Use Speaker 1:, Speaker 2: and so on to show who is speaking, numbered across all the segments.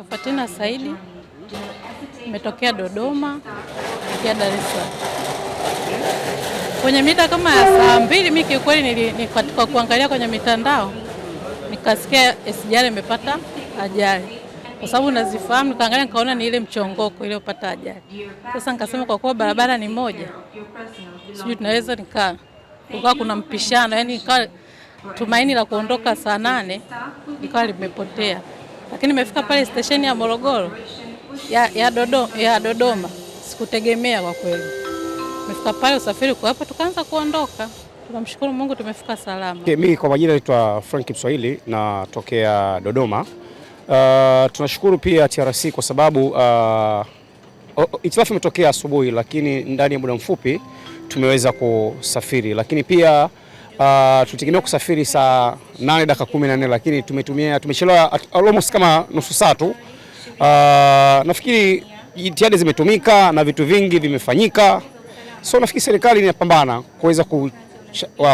Speaker 1: Naitwa Fatina Saidi, nimetokea Dodoma ya Dar es Salaam kwenye mida kama ya saa mbili. Mimi kiukweli kwa kuangalia kwenye mitandao nikasikia SGR imepata ajali kwa sababu nazifahamu, nikaangalia nikaona ni ile mchongoko ile upata ajali. Sasa nikasema kwa kuwa barabara ni moja, sijui tunaweza nika ukawa kuna mpishano, yani ikawa tumaini la kuondoka saa nane ikawa limepotea lakini nimefika pale stesheni ya Morogoro ya, ya, Dodo, ya Dodoma sikutegemea kwa kweli. Nimefika pale usafiri kwa hapo, tukaanza kuondoka, tunamshukuru Mungu tumefika salama. Okay,
Speaker 2: mimi kwa majina naitwa Frank Mswahili natokea Dodoma. Uh, tunashukuru pia TRC kwa sababu uh, itilafu imetokea asubuhi, lakini ndani ya muda mfupi tumeweza kusafiri, lakini pia Uh, ah, tulitegemea kusafiri saa nane dakika kumi na nne lakini tumetumia tumechelewa almost kama nusu saa tu. Uh, nafikiri jitihada zimetumika na vitu vingi vimefanyika, so nafikiri serikali inapambana kuweza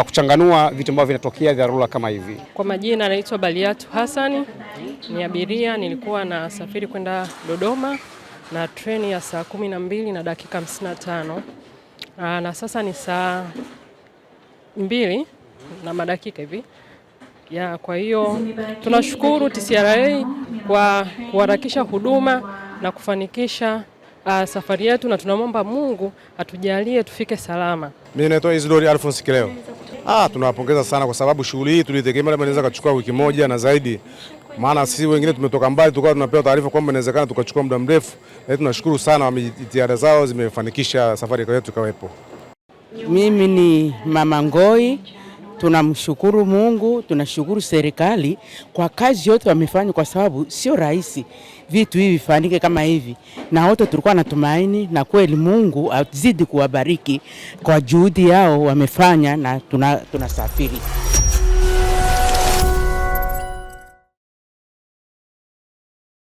Speaker 2: kuchanganua vitu ambavyo vinatokea dharura kama hivi.
Speaker 1: Kwa majina anaitwa Baliatu Hasani, ni abiria, nilikuwa na safiri kwenda Dodoma na treni ya saa kumi na mbili na dakika 55 ah, na sasa ni saa mbili na madakika hivi ya. Kwa hiyo tunashukuru TCRA kwa kuharakisha huduma na kufanikisha uh, safari yetu, na tunamwomba Mungu atujalie tufike
Speaker 3: salama. Mimi naitwa Isidori Alphonse Kileo. Ah, tunawapongeza sana kwa sababu shughuli hii tulitegemea labda inaweza kuchukua wiki moja na zaidi, maana sisi wengine tumetoka mbali, tukawa tunapewa taarifa kwamba inawezekana tukachukua muda mrefu, na tunashukuru sana, wamejitihada zao zimefanikisha safari yetu ikawepo.
Speaker 4: Mimi ni Mama Ngoi Tunamshukuru Mungu, tunashukuru serikali kwa kazi yote wamefanya, kwa sababu sio rahisi vitu hivi vifanike kama hivi, na wote tulikuwa na tumaini, na kweli Mungu azidi kuwabariki kwa juhudi yao wamefanya, na tunasafiri tuna